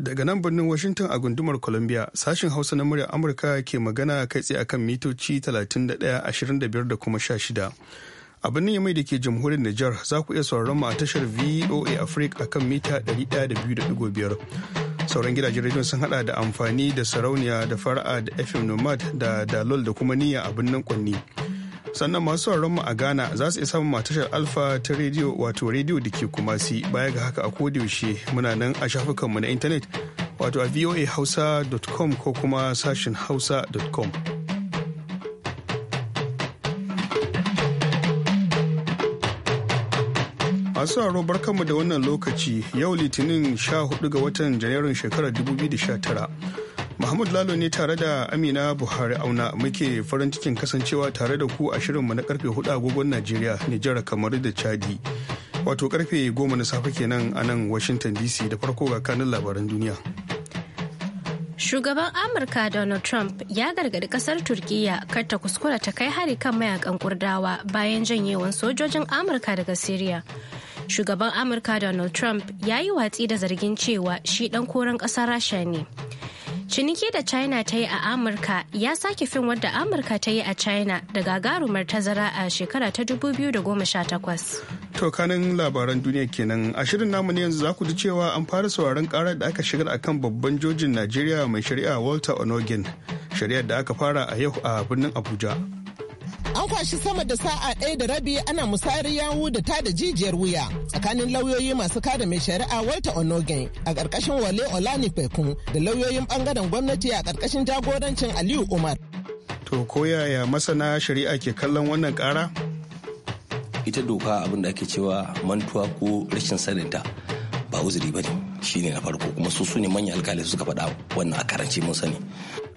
Daga nan birnin Washington a gundumar Columbia, sashin Hausa na muryar Amurka ke magana kai tsaye akan mitoci 31.25 da kuma 16. A birnin mai da ke jamhuriyar Nijar za ku iya sauraron mu a tashar VOA Africa akan mita 102.5. Sauran gidajen rediyon sun hada da amfani da sarauniya da fara'a da FM Nomad da Dalol da kuma niyya a birnin Kwanni. sannan masu sauraron mu a Ghana za su iya samun tashar Alfa ta rediyo wato rediyo da ke kumasi baya ga haka a yaushe muna nan a shafukanmu na intanet wato a voahausa.com ko kuma sashin hausa.com. masu sauraro barkanmu da wannan lokaci yau litinin 14 ga watan janairun shekarar 2019 Mahmud Lalo ne tare da Amina Buhari auna muke farin cikin kasancewa tare da ku a shirinmu na karfe 4 agogon Najeriya, Nijar kamar da Chadi. Wato karfe 10 na safe kenan a nan Washington DC da farko ga kanin labaran duniya. Shugaban Amurka Donald Trump ya gargadi kasar Turkiyya kar ta kuskura ta kai hari kan mayakan Kurdawa bayan janyewan sojojin Amurka daga Siriya. Shugaban Amurka Donald Trump ya yi watsi da zargin cewa shi dan koren ƙasar Rasha ne. ciniki da china ta yi a amurka ya sake fin wadda amurka ta yi a china da gagarumar tazara a shekara ta 2018 to kanin labaran duniya kenan a shirin namu ne yanzu za ku ji cewa an fara sauraron karar da aka shigar akan babban jojin najeriya mai shari'a walter onogin shari'ar da aka fara a yau a birnin abuja An kwashi sama da sa'a ɗaya da rabi ana musayar yawu da ta da jijiyar wuya tsakanin lauyoyi masu kada mai shari'a Walter Onogen a ƙarƙashin Wale Olani Pekun da lauyoyin ɓangaren gwamnati a ƙarƙashin jagorancin Aliyu Umar. To yaya masana shari'a ke kallon wannan ƙara? Ita doka abin da ake cewa mantuwa ko rashin saninta ba uzuri ba ne shine na farko kuma su su ne manyan alkali suka faɗa wannan a karance mun sani.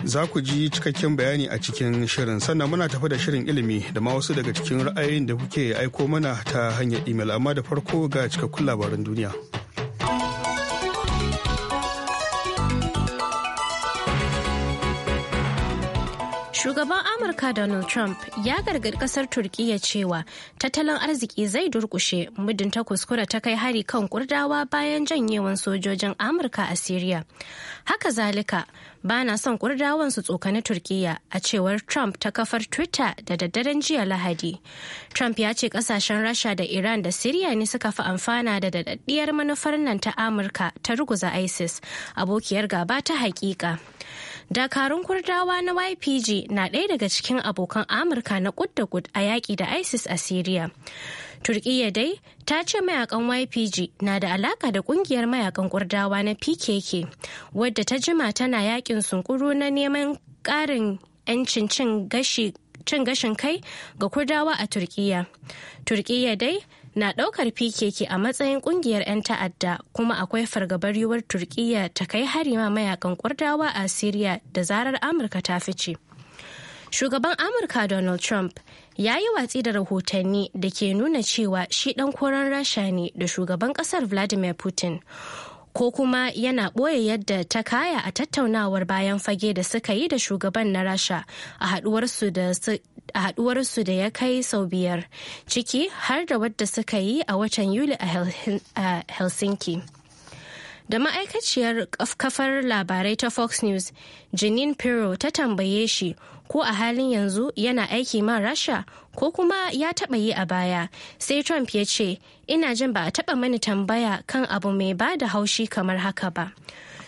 za ku ji cikakken bayani a cikin shirin sannan muna tafi da shirin ilimi da ma wasu daga cikin ra'ayin da kuke aiko mana ta hanyar imel amma da farko ga cikakkun labaran duniya. Shugaban Amurka Donald Trump ya gargaɗi ƙasar Turkiyya cewa tattalin arziki zai durƙushe muddin ta kuskura ta kai hari kan kurdawa bayan janyewan sojojin Amurka a Siriya. Haka zalika, ba na son kurdawan su tsokani Turkiyya a cewar Trump ta kafar Twitter da daddaren jiya Lahadi. Trump ya ce ƙasashen Rasha da Iran da Siriya ne suka fi amfana da daɗaɗɗiyar manufar nan ta Amurka ta ruguza ISIS, abokiyar gaba ta haƙiƙa. dakarun kurdawa na ypg na ɗaya daga cikin abokan amurka na kud da kud a yaƙi da isis a syria turkiyya dai ta ce mayakan ypg na da alaka da kungiyar mayakan kurdawa na pkk wadda ta jima tana yakin sunkuru na neman ƙarin 'yancin cin gashin kai ga kurdawa a turkiyya turkiyya dai na ɗaukar PKK a matsayin ƙungiyar 'yan ta'adda kuma akwai fargabar yiwuwar Turkiyya ta kai hari ma mayakan Kurdawa a Siriya da zarar Amurka ta fice. Shugaban Amurka Donald Trump ya yi watsi da rahotanni da ke nuna cewa shi ɗan koren rasha ne da shugaban ƙasar Vladimir Putin. ko kuma yana ɓoye yadda ta kaya a tattaunawar bayan fage da suka yi da shugaban na rasha a haɗuwarsu da a haɗuwarsu da ya kai sau biyar ciki har da wadda suka yi a watan yuli a helsinki da ma'aikaciyar kafar labarai ta fox news janine pirro ta tambaye shi ko a halin yanzu yana aiki ma rasha ko kuma ya taba yi a baya sai trump ya ce ina jin ba a taba mani tambaya kan abu mai ba da haushi kamar haka ba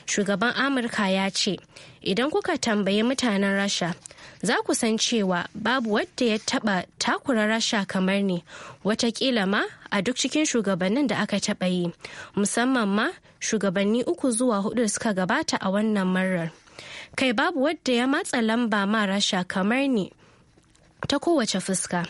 shugaban amurka ya ce idan kuka tambayi mutanen rasha za ku san cewa babu wadda ya taba takura rasha kamar ne watakila ma a duk cikin shugabannin da aka taba yi musamman ma shugabanni uku zuwa hudu suka gabata a wannan marar kai babu wadda ya matsa lamba ma rasha kamar ne ta kowace fuska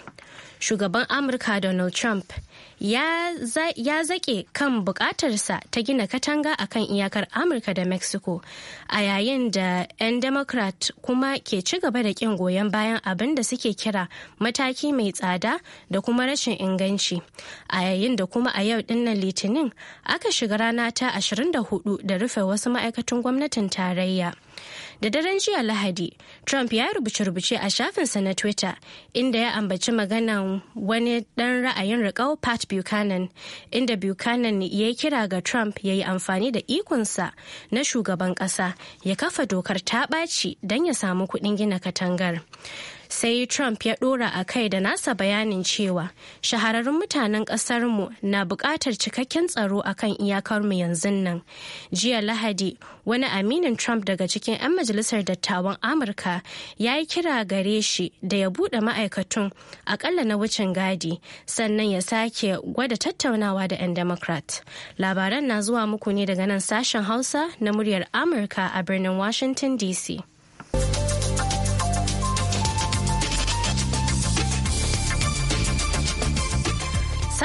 shugaban amurka donald trump ya zaƙe kan buƙatarsa ta gina katanga a kan iyakar amurka da mexico a yayin da 'yan democrat kuma ke ci gaba da ƙin goyon bayan abin da suke kira mataki mai tsada da kuma rashin inganci a yayin da kuma a yau dinnan litinin aka shiga rana ta 24 da rufe wasu ma'aikatan gwamnatin tarayya. Da daren jiya Lahadi, Trump ya rubuce-rubuce a shafinsa na Twitter inda ya ambaci maganan wani ɗan ra'ayin riƙau Pat Buchanan, inda Buchanan ya kira ga Trump ya yi amfani da ikonsa na shugaban ƙasa ya kafa dokar ta ɓaci don ya samu kuɗin gina katangar. sai trump ya ɗora a kai da nasa bayanin cewa shahararrun mutanen ƙasarmu na buƙatar cikakken tsaro a kan iyakarmu yanzu nan jiya lahadi wani aminin trump daga cikin 'yan majalisar dattawan amurka ya yi kira gare shi da ya buɗe ma'aikatun akalla na wucin gadi sannan ya sake gwada tattaunawa da 'yan democrat labaran na zuwa muku ne daga nan sashen hausa na muryar amurka a birnin washington dc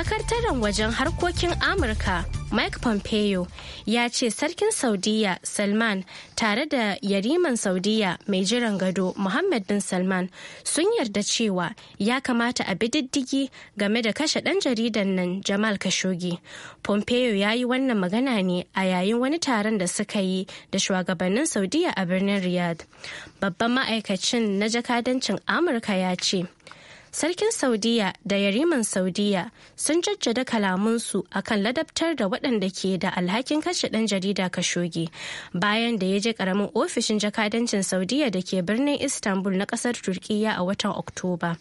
sakataren wajen harkokin amurka mike pompeo ya ce sarkin saudiya salman tare da yariman saudiya mai jiran gado muhammad bin salman sun yarda cewa ya kamata a bididdigi game da kashe ɗan jaridan nan jamal khashoggi pompeo ya yi wannan magana ne a yayin wani taron da suka yi da shugabannin saudiya a birnin riyadh babban ma'aikacin na jakadancin amurka ya ce Sarkin Saudiya da Yariman Saudiya sun jaddada a kan ladabtar da waɗanda ke da alhakin kashe ɗan jarida Khashoggi bayan da ya je ƙaramin ofishin jakadancin Saudiya da ke birnin Istanbul na ƙasar Turkiyya a watan Oktoba.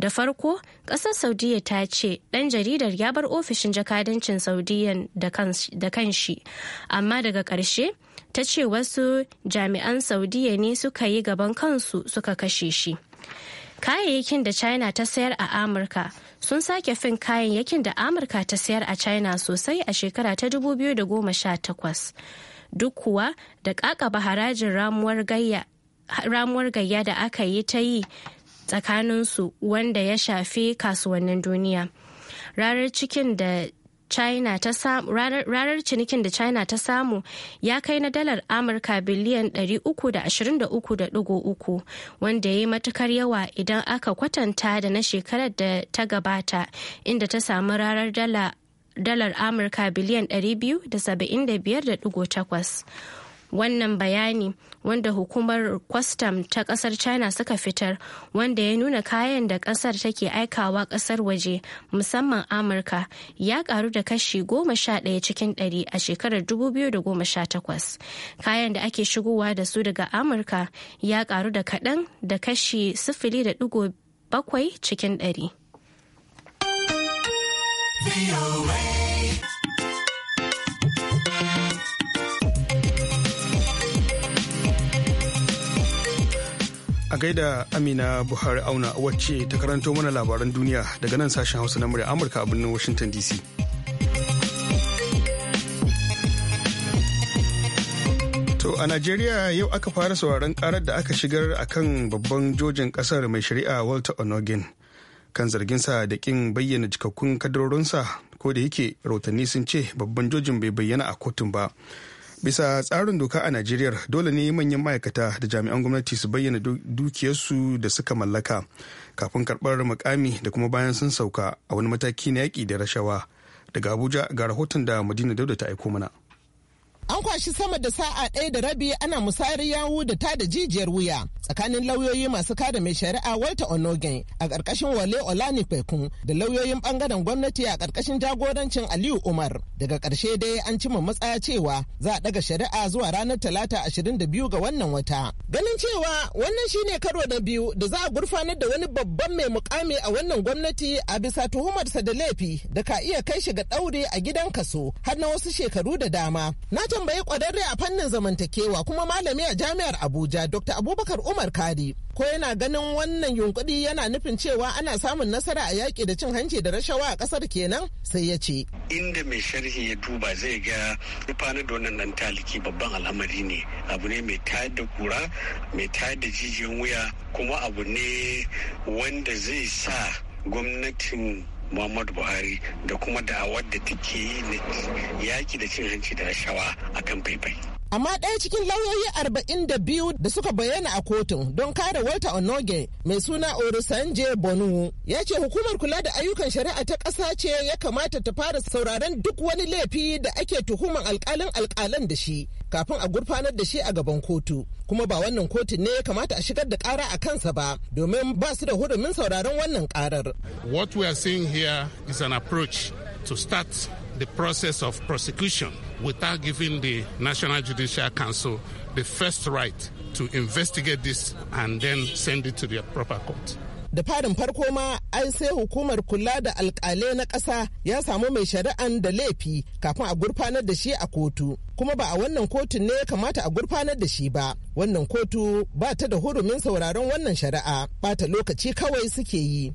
Da farko, ƙasar Saudiya ta ce ɗan jaridar ya bar ofishin jakadancin saudiya da kanshi, amma daga ƙarshe ta ce wasu jami'an Saudiya ne suka yi gaban kansu suka kashe shi. kayayyakin da china ta sayar a amurka sun sake fin kayayyakin da amurka ta sayar a china sosai a shekara ta 2018 duk kuwa da kakaba harajin ramuwar gayya da aka yi ta yi tsakaninsu wanda ya shafi kasuwannin duniya ranar cikin da china ta samu ranar cinikin da china ta samu ya kai na dalar amurka biliyan 323.3 wanda ya yi matukar yawa idan aka kwatanta da na shekarar da ta gabata inda ta samu ranar dalar amurka biliyan 275.8 wannan bayani wanda hukumar kwastam ta kasar china suka fitar wanda ya nuna kayan da kasar take aikawa kasar waje musamman amurka ya karu da kashi goma sha daya cikin dari a shekarar 2018 kayan da ake shigowa da su daga amurka ya karu da kaɗan da kashi sifili da ɗigo bakwai cikin ɗari. a gaida amina buhari auna wacce ta karanto mana labaran duniya daga nan sashen hausa na murya amurka a birnin washington dc To a Najeriya yau aka fara sauraron karar da aka shigar a kan babban jojin kasar mai shari'a Walter Onogin kan zarginsa da kin bayyana cikakkun kadarorinsa ko da yake rautanni sun ce babban jojin bai bayyana a kotun ba. bisa tsarin doka a najeriya dole ne manyan ma'aikata da jami'an gwamnati su bayyana dukiyarsu da suka mallaka kafin karbar mukami da kuma bayan sun sauka a wani mataki na yaƙi da rashawa daga abuja ga rahoton da madina dauda ta aiko mana An kwashi sama da sa'a ɗaya da rabi ana musayar yawu da ta da jijiyar wuya tsakanin lauyoyi masu kada mai shari'a Walter Onogen a ƙarƙashin Wale Olani pekun da lauyoyin bangaren gwamnati a ƙarƙashin jagorancin Aliyu Umar. Daga ƙarshe dai an cimma matsaya cewa za a ɗaga shari'a zuwa ranar Talata ashirin da biyu ga wannan wata. Ganin cewa wannan shine karo na biyu da za a gurfanar da wani babban mai mukami a wannan gwamnati a bisa tuhumarsa da laifi da ka iya kai shi ga ɗaure a gidan kaso har na wasu shekaru da dama. Na bai kwararre a fannin zamantakewa kuma malami a jami'ar Abuja Dr. Abubakar Umar Kari ko yana ganin wannan yunkuri yana nufin cewa ana samun nasara a yaƙi da cin hanci da rashawa a ƙasar kenan sai ya ce. Inda mai sharhi ya duba zai ga rufanar da wannan nan taliki babban al'amari ne abu ne mai tayar da kura mai tayar da jijiyan wuya kuma abu ne wanda zai sa gwamnatin muhammadu buhari da kuma da wadda take yi yaki da cin hanci da rashawa akan faifai amma ɗaya cikin lauyoyi arba'in da biyu da suka bayyana a kotun don kare walter onoge mai suna orisanje bonu ya ce hukumar kula da ayyukan shari'a ta ƙasa ce ya kamata ta fara sauraron duk wani laifi da ake tuhuman alƙalin alƙalan da shi kafin a gurfanar da shi a gaban kotu kuma ba wannan kotun ne ya kamata a shigar da ƙara a kansa ba domin ba su da hudumin sauraron wannan ƙarar. what we are seeing here is an approach to start the process of prosecution without giving the National Judicial Council the first right to investigate this and then send it to the proper court. da farin farko ma ai sai hukumar kula da alkalai na ƙasa ya samu mai shari'an da laifi kafin a gurfanar da shi a kotu kuma ba a wannan kotun ne ya kamata a gurfanar da shi ba wannan kotu ba ta da hurumin sauraron wannan shari'a bata lokaci kawai suke yi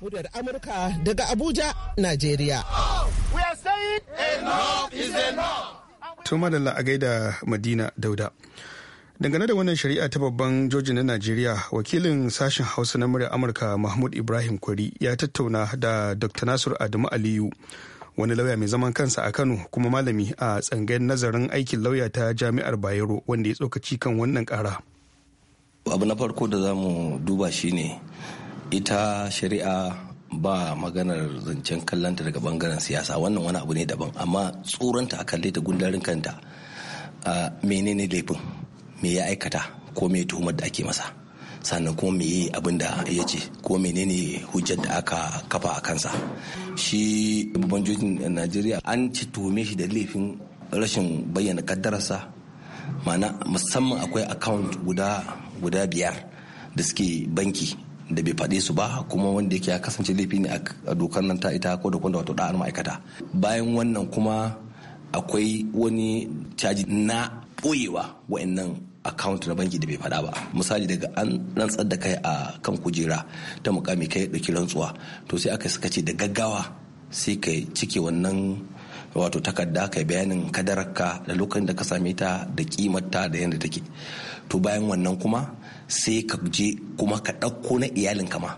muryar Amurka daga Abuja, Najeriya. Tuma da la'agai da Madina Dauda. Dangane da wannan shari'a ta babban joji na Najeriya, wakilin sashen Hausa na muryar Amurka Mahmud Ibrahim Kwari ya tattauna da Dr. Nasir Adamu Aliyu, wani lauya mai zaman kansa a Kano kuma malami a tsangayar nazarin aikin lauya ta Jami'ar Bayero wanda ya tsokaci kan wannan kara. Abu na farko da za mu duba shi ne. ita shari'a ba maganar zancen kallanta daga bangaren siyasa wannan wani abu ne daban amma tsoronta a kalle ta gundarin kanta menene laifin me ya aikata ko me tuhumar da ake masa sannan ko me abin da ya ce ko menene hujjar da aka kafa a kansa shi babban jojin najeriya an ci tuhume shi da laifin rashin bayyana kaddararsa ma'ana musamman akwai account guda guda biyar da suke banki da bai faɗe su ba kuma wanda yake ya kasance laifi ne a dokar nan ta ita ko da kwanda wato da'ar ma'aikata bayan wannan kuma akwai wani caji na ɓoyewa wa'annan account na banki da bai faɗa ba misali daga an rantsar da kai a kan kujera ta mukami kai ɗauki rantsuwa to sai aka suka ce da gaggawa sai ka cike wannan wato takarda kai bayanin kadararka da lokacin da ka same ta da kimarta da yadda take to bayan wannan kuma sai ka je kuma ka ɗauko na iyalin kama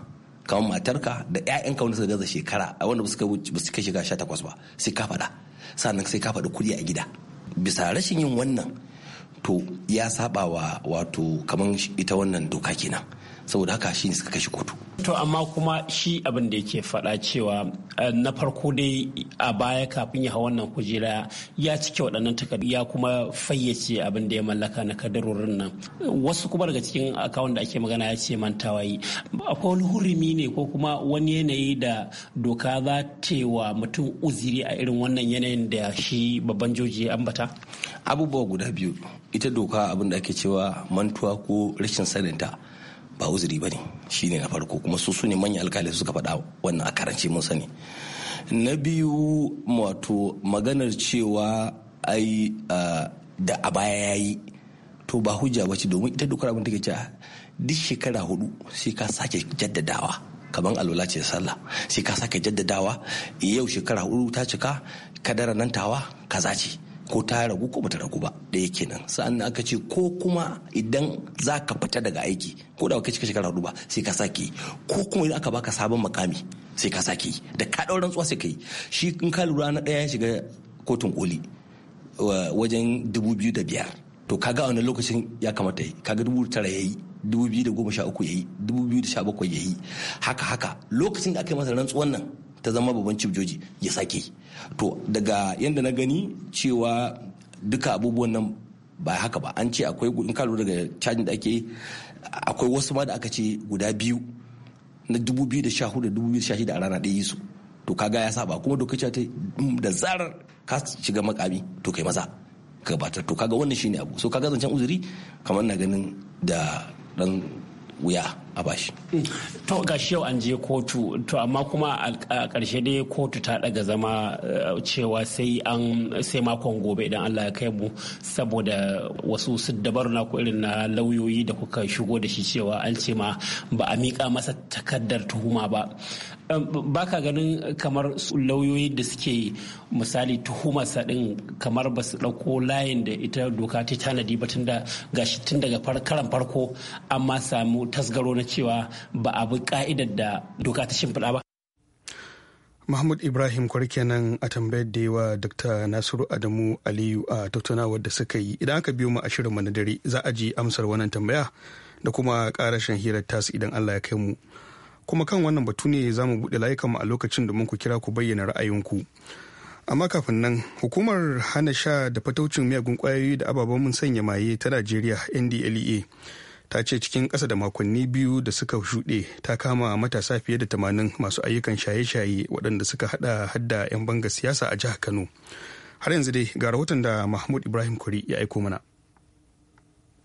kamar matarka da 'ya'yanka wanda suka gaza shekara a wanda ba su sha takwas ba sai ka faɗa sannan sai ka faɗi kuɗi a gida bisa rashin yin wannan to ya saba wa wato kamar ita wannan doka kenan saboda haka shi ne suka kashi kotu to amma kuma shi abin da yake faɗa cewa eh, na farko dai a baya kafin ya hau wannan kujera ya cike waɗannan takardu ya kuma fayyace abin da ya mallaka na kadarorin nan wasu kuma daga cikin akawun da ake magana ya ce mantawa yi akwai wani hurumi ne ko kuma wani yanayi da doka za ta wa mutum uziri a irin wannan yanayin da shi babban joji ambata abubuwa guda biyu ita doka abin da ake cewa mantuwa ko rashin saninta ba uzuri ba ne shi ne na farko kuma su su ne manyan alkali suka faɗa wannan a karance mun sani na biyu wato maganar cewa ai da a baya ya yi to ba hujja ba ce domin ita dokar abin take cewa duk shekara hudu sai ka sake jaddadawa kaman alwala ce sallah sai ka sake jaddadawa yau shekara hudu ta cika kadara nan tawa kaza ce ko ta ragu ko bata ragu ba da yake nan sa'an aka ce ko kuma idan za ka fita daga aiki ko da kai cika shekara hudu ba sai ka sake ko kuma idan aka baka sabon makami sai ka sake da ka ɗau rantsuwa sai ka yi shi in ka lura na ɗaya ya shiga kotun koli wajen dubu biyu da biyar to kaga wani lokacin ya kamata yi kaga dubu tara ya yi dubu biyu da goma sha uku ya yi dubu biyu da sha bakwai ya yi haka haka lokacin da aka yi masa rantsuwan nan ta zama babban cif joji ya sake to daga yadda na gani cewa duka abubuwan nan ba haka ba an ce akwai in ka lura daga cajin da ake akwai wasu ma da aka ce guda biyu na 2014 da 2016 a rana ɗaya yi su to kaga ya saba kuma doka ce ta mm, da zarar ka shiga makami to kai maza ka gabatar to kaga wannan shine abu so kaga zancen uzuri kamar na ganin da dan wuya a bashi. To ga yau an je kotu to amma kuma a ƙarshe dai kotu ta daga zama eh, cewa sai an sai makon gobe idan Allah ya kai mu saboda wasu su na ku irin na lauyoyi da kuka shigo da shi cewa an ce ma ba a miƙa masa takardar tuhuma ba. Ba ka ganin kamar lauyoyi da suke misali tuhumarsa ɗin kamar ba su ɗauko layin da ita doka ta tanadi ba tun da gashi tun daga karan farko an ma samu tasgaro nuna cewa ba a bi ka'idar da doka ta shimfiɗa ba. Mahmud Ibrahim kenan a tambayar da yawa Dr. Nasiru Adamu Aliyu a tattaunawar da suka yi idan aka biyo mu a shirin na dare za a ji amsar wannan tambaya da kuma karashin hirar tasu idan Allah ya kai mu. Kuma kan wannan batu ne za mu buɗe layukan mu a lokacin da ku kira ku bayyana ra'ayinku. amma kafin nan hukumar hana sha da fataucin miyagun kwayoyi da ababen mun sanya maye ta najeriya ndlea ta ce cikin ƙasa da makonni biyu da suka shuɗe ta kama matasa fiye da tamanin masu ayyukan shaye-shaye waɗanda suka haɗa hadda 'yan banga siyasa a jihar kano har yanzu dai ga rahoton da mahmud ibrahim kuri ya aiko mana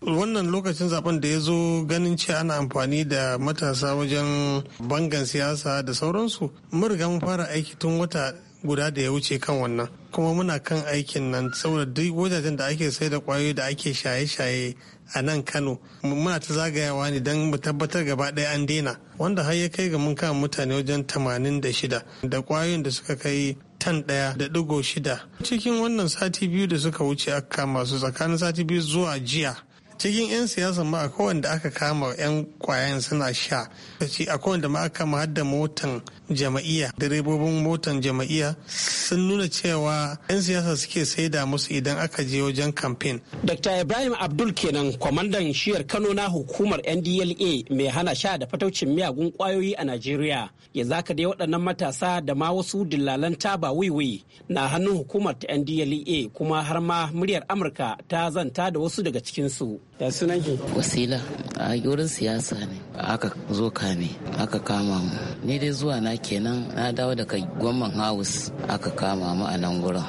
wannan lokacin zaben da ya zo ganin ce ana amfani da matasa wajen bangan siyasa da sauransu mun riga mun fara aiki tun wata guda da ya wuce kan wannan kuma muna kan aikin nan saboda duk wajajen da ake sai da kwayoyi da ake shaye-shaye a nan kano muna ta zagayawa ne don mu tabbatar gaba ɗaya an daina wanda har ya kai ga mun kama mutane wajen tamanin da shida da kwayoyin da suka kai tan ɗaya da ɗigo shida cikin wannan sati biyu da suka wuce aka kama tsakanin sati biyu zuwa jiya cikin 'yan siyasa ma a kowanda aka kama 'yan kwayan suna sha ce a kowanda ma aka kama hadda motan jama'iya direbobin motan jama'iya sun nuna cewa 'yan siyasa suke saida musu idan aka je wajen kamfen. dr ibrahim abdul kenan kwamandan shiyar kano na hukumar ndla mai hana sha da fataucin miyagun kwayoyi a najeriya ya zaka dai waɗannan matasa da ma wasu dillalan taba wiwi na hannun hukumar ta ndla kuma har ma muryar amurka ta zanta da wasu daga cikinsu Ya sunan ki? Wasila a gurin siyasa ne. Aka zo kame, aka kama mu. Ni dai zuwa na kenan na dawo daga Gwamman haus aka kama mu a nan gurin.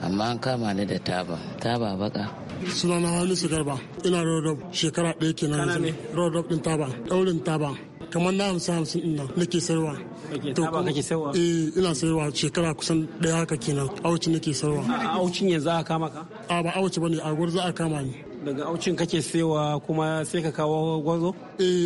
Amma an kama ni da taba, taba baka. Sunana Halisu Garba, ina Rodop shekara ɗaya kenan. Kana ne? Rodop ɗin taba, ɗaurin taba. kamar na hamsin hamsin ina nake sayarwa to kake sayarwa eh ina sayarwa shekara kusan daya haka kenan auci nake sayarwa a aucin yanzu za a kama ka a ba auci bane a za a kama ni daga aucin kake sewa kuma sai ka kawo gwazo? eh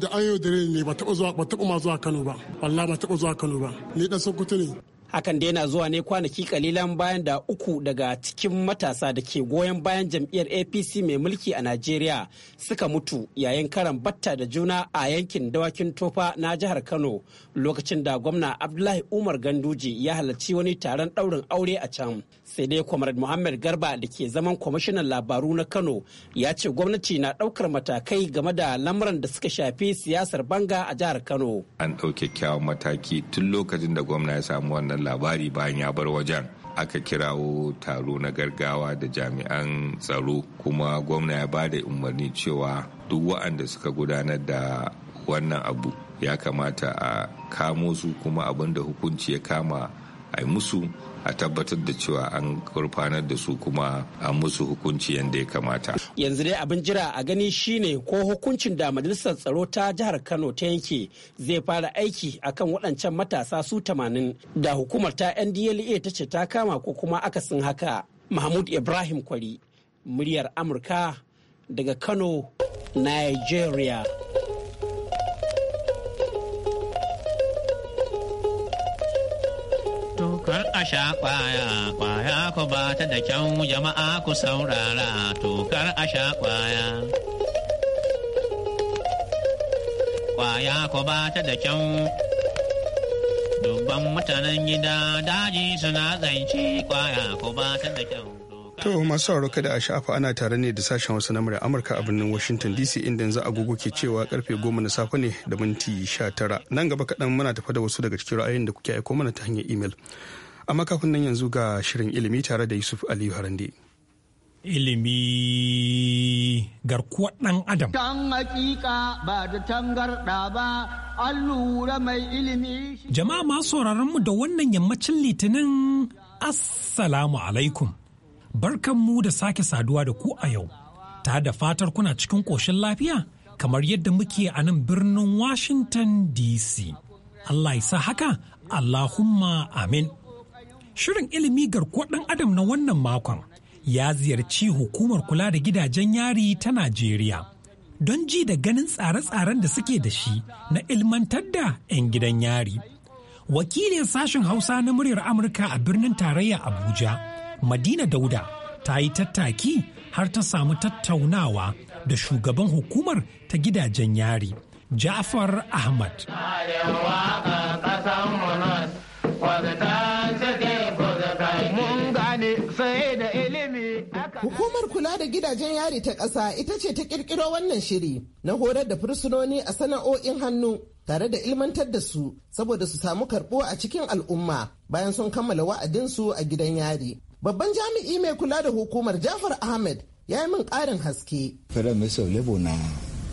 da an yau dare ne ba taɓa zuwa ba taɓa ma zuwa kano ba wallahi ba taɓa zuwa kano ba ni dan sokoto ne hakan da yana zuwa ne kwanaki kalilan bayan da uku daga cikin matasa da ke goyon bayan jam'iyyar apc mai mulki a najeriya suka mutu yayin karan batta da juna a yankin dawakin tofa na jihar kano lokacin da gwamna abdullahi umar ganduji ya halarci wani taron daurin aure a can sai dai kwamar muhammad garba da ke zaman kwamishinan labaru na kano ya ce gwamnati na ɗaukar matakai game da lamuran da suka shafi siyasar banga a jihar kano an ɗauke kyawun mataki tun lokacin da gwamna ya samu wannan wannan labari bayan ya bar wajen aka kirawo taro na gargawa da jami'an tsaro kuma gwamna ya ba da umarni cewa duk wa'anda suka gudanar da wannan abu ya kamata a kamo su kuma abin da hukunci ya kama a yi musu a tabbatar da cewa an gurfanar da su kuma an musu hukunci yadda ya kamata. Yanzu dai abin jira a gani shine ko hukuncin da majalisar tsaro ta jihar Kano ta yanke zai fara aiki akan waɗancan matasa su tamanin da hukumar ta NDLA ta ce ta kama ko kuma aka akasin haka. Mahmud Ibrahim Kwari, muryar Amurka daga Kano, Nigeria. a sha kwaya, kwaya ku ba ta da kyau jama'a ku saurara tokar a sha kwaya. Kwaya ku ba ta da kyan dubban mutanen gida daji suna zance kwaya ku ba ta da kyan. To masu sauraro kada a sha'afa ana tare ne da sashen wasu na murya Amurka a birnin Washington DC inda yanzu agogo ke cewa karfe goma na safe ne da minti 19. Nan gaba kaɗan muna tafa da wasu daga cikin ra'ayin da kuke aiko mana ta hanyar imel. a makafin nan yanzu ga shirin ilimi tare da yusuf aliyu harande ilimi garkuwar ɗan adam kan hakika ba da tangarɗa ba an mai ilimi jama'a ma sauraron mu da wannan yammacin litinin assalamu alaikum barkan mu da sake saduwa da ku a yau ta da fatar kuna cikin ƙoshin lafiya kamar yadda muke a nan birnin washington dc allah ya haka allahumma amin Shirin ilimi garkuwar ɗan adam na wannan makon ya ziyarci hukumar kula da gidajen yari ta Najeriya don ji da ganin tsare-tsaren da suke da shi na ilmantar da 'yan gidan yari. Wakilin sashen Hausa na muryar Amurka a birnin tarayya Abuja, Madina Dauda, ta yi tattaki har ta samu tattaunawa da shugaban hukumar ta gidajen yari, Ja'far Ahmad. kula da gidajen yari ta ƙasa ita ce ta ƙirƙiro wannan shiri na horar da fursunoni a sana'o'in hannu tare da ilmantar da su saboda su samu karɓo a cikin al'umma bayan sun kammala wa'adinsu a gidan yari. Babban jami'i mai kula da hukumar Jafar Ahmed ya yi min ƙarin haske. Federal Ministry of Labor na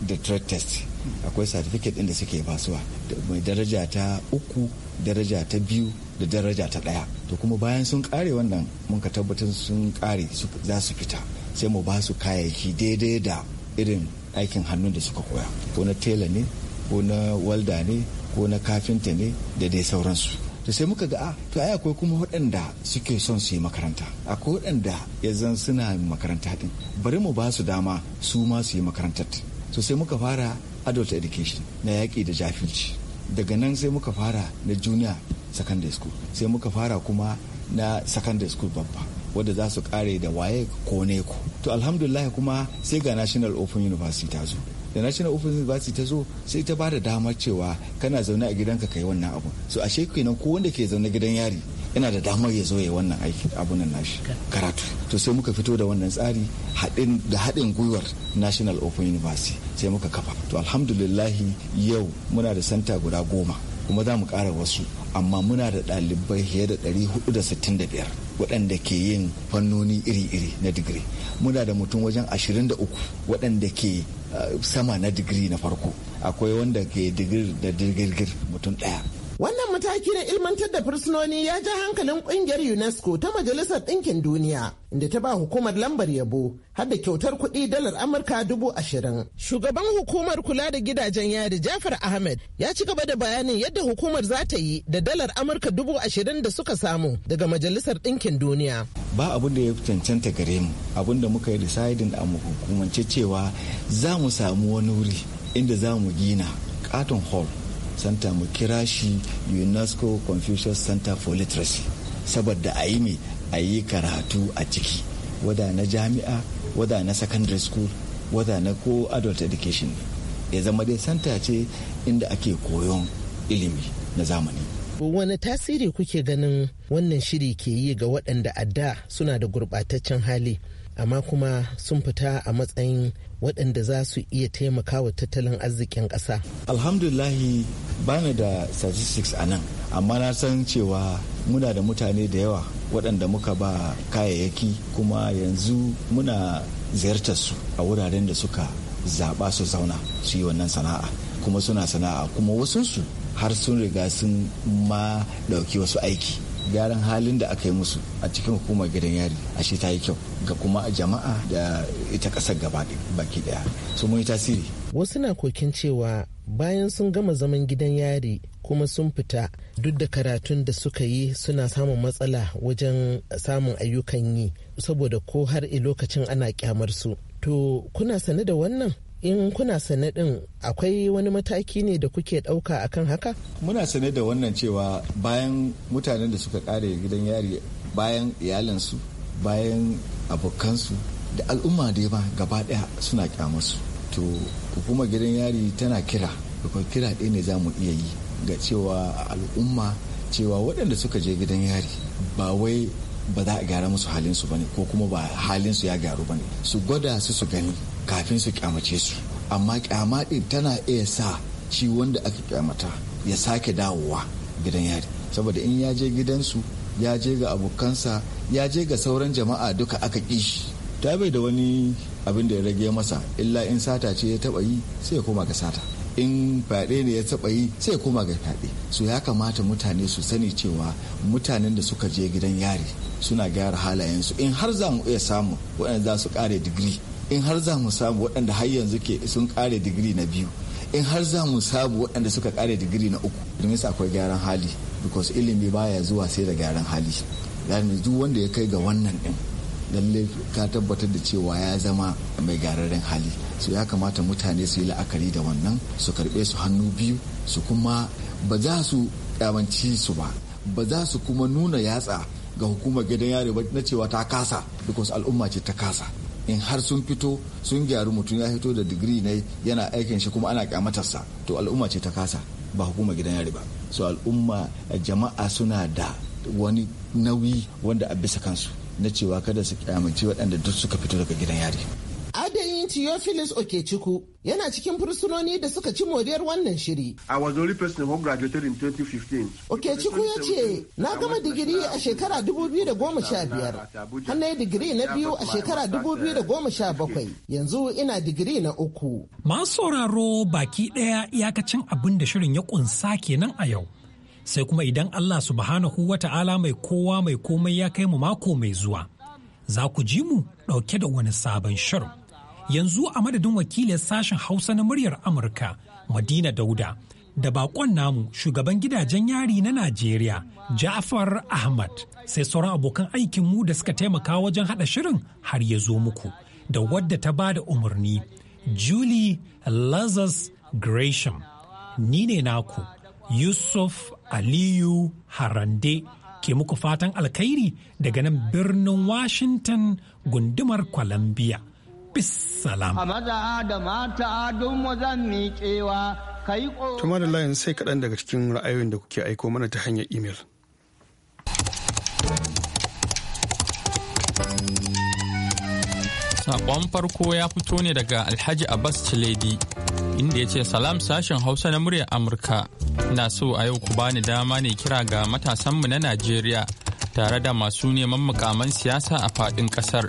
the akwai certificate ɗin da suke basuwa mai daraja ta uku daraja ta biyu da daraja ta ɗaya to kuma bayan sun ƙare wannan mun ka tabbatar sun kare za su fita sai mu ba su kayayyaki daidai da irin aikin hannun da suka koya ko na tela ne ko na walda ne ko na kafinta ne da dai sauransu to sai muka ga a ah, to ai akwai kuma waɗanda suke son su yi makaranta akwai waɗanda ya zan suna makaranta din bari mu ba su dama su ma su yi makarantar to sai muka fara adult education na yaƙi da jafilci daga nan sai muka fara na junior secondary school sai muka fara kuma na secondary school babba wadda za su kare da waye ko ne ku to alhamdulillah kuma sai ga national open university ta zo da national open university ta zo sai ta ba da damar cewa kana zaune a gidanka kai wannan abu so ashe kenan ko wanda ke zaune gidan yari yana da damar ya zo ya wannan aiki abunan nashi karatu to sai muka fito da wannan tsari da haɗin gwiwar national open university sai muka kafa to alhamdulillahi yau muna da santa guda goma kuma za mu ƙara wasu amma muna da ɗalibai fiye da 465 waɗanda ke yin fannoni iri-iri na digiri muna da mutum wajen 23 waɗanda ke uh, sama na digiri na farko akwai wanda ke digir da digirgir mutum ɗaya Wannan mataki na ilmantar da fursunoni ya ja hankalin kungiyar UNESCO ta Majalisar Ɗinkin Duniya, inda ta ba hukumar lambar yabo har da kyautar kuɗi dalar Amurka dubu ashirin. Shugaban hukumar kula da gidajen yari Jafar Ahmed ya ci gaba da bayanin yadda hukumar za ta yi da dalar Amurka dubu ashirin da suka samu daga Majalisar Ɗinkin Duniya. Ba abin da ya cancanta gare mu, abin da muka yi deciding a hukumance cewa za mu samu wani wuri inda za mu gina katon hall center mu kira shi unesco confucius center for literacy saboda a yi ayi a yi karatu a ciki wada na jami'a wada na secondary school wada na ko adult education ya zama dai santa ce inda ake koyon ilimi na zamani wani tasiri kuke ganin wannan shiri ke yi ga waɗanda a da suna da gurɓataccen hali amma kuma sun fita a matsayin waɗanda za su iya taimakawa tattalin arzikin ƙasa. ba bani da statistics a nan amma na san cewa muna da mutane da yawa waɗanda muka ba kayayyaki kuma yanzu muna ziyartar su a wuraren da suka zaɓa su zauna su yi wannan sana'a kuma suna sana'a kuma wasunsu har sun riga sun ma ɗauki wasu aiki gyaran halin da aka yi musu a cikin hukumar gidan yari ashe ta yi kyau ga kuma a jama'a da ita kasar gaba baki daya su mun yi tasiri wasu na kokin cewa bayan sun gama zaman gidan yari kuma sun fita duk da karatun da suka yi suna samun matsala wajen samun ayyukan yi saboda ko har lokacin ana kyamar su to kuna sane da wannan in kuna sane din akwai wani mataki ne da kuke dauka akan haka muna sane da wannan cewa bayan mutanen da suka kare gidan yari bayan iyalinsu bayan abokansu da al'umma da ba gaba daya suna kyamarsu to hukumar gidan yari tana kira da kira ɗaya ne za mu iya yi ga cewa al'umma cewa waɗanda suka je gidan yari ba wai ba za a gyara musu halinsu ba ne ko kuma ba halinsu ya gyaru ba ne su gwada su su gani kafin su kyamace su amma kyama din tana iya sa ciwon da aka kyamata ya sake dawowa gidan yari saboda in ya je gidansu ya je ga abokansa ya je ga sauran jama'a duka aka kishi ta bai da wani abin da ya rage masa illa in sata ce ya taba yi sai ya koma ga sata in fyaɗe ne ya taba yi sai ya koma ga fyaɗe su ya kamata mutane su sani cewa mutanen da suka je gidan yari suna gyara halayensu in har za mu iya samu waɗanda za su ƙare digiri in har za mu samu waɗanda har yanzu ke sun kare digiri na biyu in har za mu samu waɗanda suka kare digiri na uku domin akwai gyaran hali because ilimi baya zuwa sai da gyaran hali yani duk wanda ya kai ga wannan din lalle ka tabbatar da cewa ya zama mai gyararren hali su ya kamata mutane su yi la'akari da wannan su karbe su hannu biyu su kuma ba za su kyamanci su ba ba za su kuma nuna yatsa ga hukumar gidan yare na cewa ta kasa because al'umma ce ta kasa in har sun fito sun gyaru mutum ya fito da digiri ne yana aikin shi kuma ana kyamatarsa to al'umma ce ta kasa ba hukuma gidan yari ba so al'umma jama'a suna da wani nauyi wanda a bisa kansu na cewa kada su ƙyamaci waɗanda duk suka fito daga gidan yari Adayin Theophilus Okechukwu yana cikin fursunoni da suka ci moriyar wannan shiri. I was the only person who graduated in 2015. Okechukwu ya ce, na gama digiri a shekara 2015, hannun digiri na biyu a shekara 2017, yanzu ina digiri na uku. Masu sauraro baki ɗaya iyakacin abin da shirin ya ƙunsa kenan a yau. Sai kuma idan Allah subhanahu wa ta'ala mai kowa mai komai ya kai mu mako mai zuwa. Za ku ji mu ɗauke da wani sabon shirin. yanzu a madadin wakilin sashen hausa na muryar amurka madina dauda da bakon namu shugaban gidajen yari na najeriya ja'far ahmad sai sauran abokan aikinmu da suka taimaka wajen haɗa shirin har ya zo muku da wadda ta ba da umarni julie lazarus gresham ni ne naku yusuf aliyu harande ke muku fatan alkhairi daga nan birnin washington gundumar columbia bisalam. A Tuma da layin sai kaɗan daga cikin ra'ayoyin da kuke aiko mana ta hanyar imel. saƙon farko ya fito ne daga Alhaji Abbas Chiledi inda ya ce salam sashen Hausa na muryar Amurka. Ina so a yau ku bani dama ne kira ga matasanmu na Najeriya tare da masu neman mukaman siyasa a faɗin ƙasar.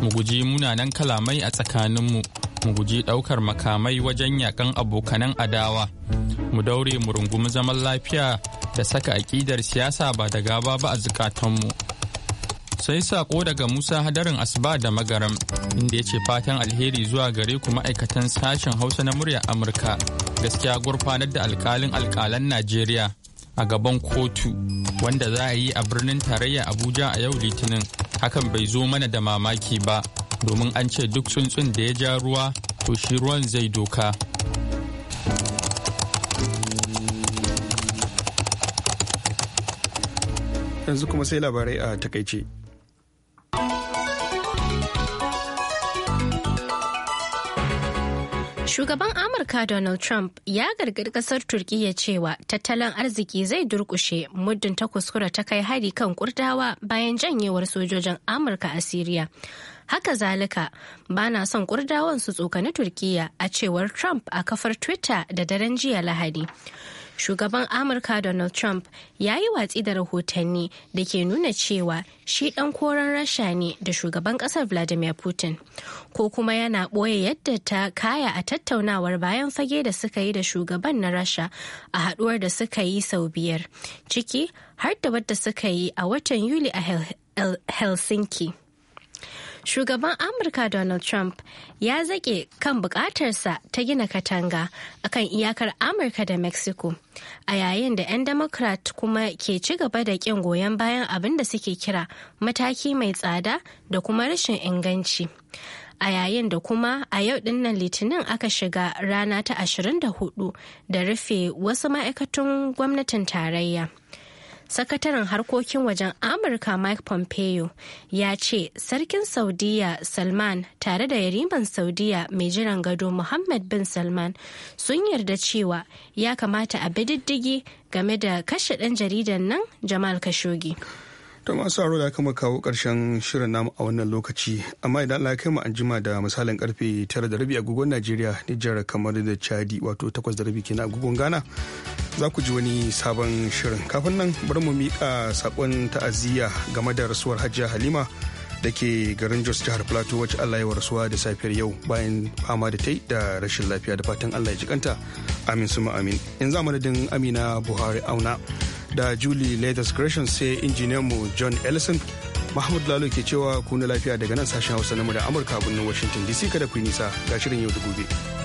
mu guji munanan kalamai a tsakaninmu mu guji ɗaukar makamai wajen yakan abokanan adawa mu daure mu rungumi zaman lafiya da saka aƙidar siyasa ba da gaba ba a zukatanmu sai saƙo daga musa hadarin asuba da magaram inda ya ce fatan alheri zuwa gare ku ma'aikatan sashen hausa na murya amurka gaskiya gurfanar da alkalin alkalan najeriya a gaban kotu wanda za a yi a birnin tarayya abuja a yau litinin hakan bai zo mana da mamaki ba domin an ce duk tsuntsun da ya ja ruwa to shi ruwan zai doka yanzu kuma sai labarai a takaice Shugaban Amurka Donald Trump ya gargaɗi ƙasar Turkiyya cewa tattalin arziki zai durƙushe muddin ta kuskura ta kai hari kan kurdawa bayan janyewar sojojin Amurka a Siriya. Haka zalika, ba na son kurdawan su tsokani Turkiyya a cewar Trump a kafar Twitter da daren jiya Lahadi. shugaban amurka donald trump ya yi watsi da rahotanni da ke nuna cewa shi dan koren rasha ne da shugaban kasar vladimir putin ko kuma yana ɓoye yadda ta kaya a tattaunawar bayan fage da suka yi da shugaban na rasha a haɗuwar da suka yi sau biyar ciki har da wadda suka yi a watan yuli a helsinki shugaban amurka donald trump ya zaƙe kan buƙatarsa ta gina katanga akan iyakar amurka da mexico a yayin da 'yan democrat kuma ke ci gaba da ƙin goyon bayan abin da suke kira mataki mai tsada da kuma rashin inganci a yayin da kuma a yau dinnan litinin aka shiga rana ta 24 da rufe wasu ma'aikatan gwamnatin tarayya sakataren harkokin wajen amurka mike pompeo ya ce sarkin saudiya salman tare da yariman saudiya mai jiran gado muhammad bin salman sun yarda cewa ya kamata a bi diddigi game da kashe ɗan jaridan nan jamal khashoggi To masu sauraro da aka kawo karshen shirin namu a wannan lokaci amma idan Allah ya kai mu anjima da misalin karfe 9:30 agogon Najeriya Nijar kamar da Chadi wato 8:30 kenan agogon Ghana za ku ji wani sabon shirin kafin nan bar mu mika sakon ta'aziyya game da rasuwar Hajiya Halima da ke garin Jos jihar Plateau wacce Allah ya warsuwa da safiyar yau bayan fama da tai da rashin lafiya da fatan Allah ya jikanta amin suma amin yanzu a madadin Amina Buhari Auna da julie leathers gresham sai injiniyan mu john ellison mahmud lalo ke cewa kuna lafiya daga nan sashen hausa na da amurka birnin washington dc kada ku yi nisa ga shirin yau da gobe.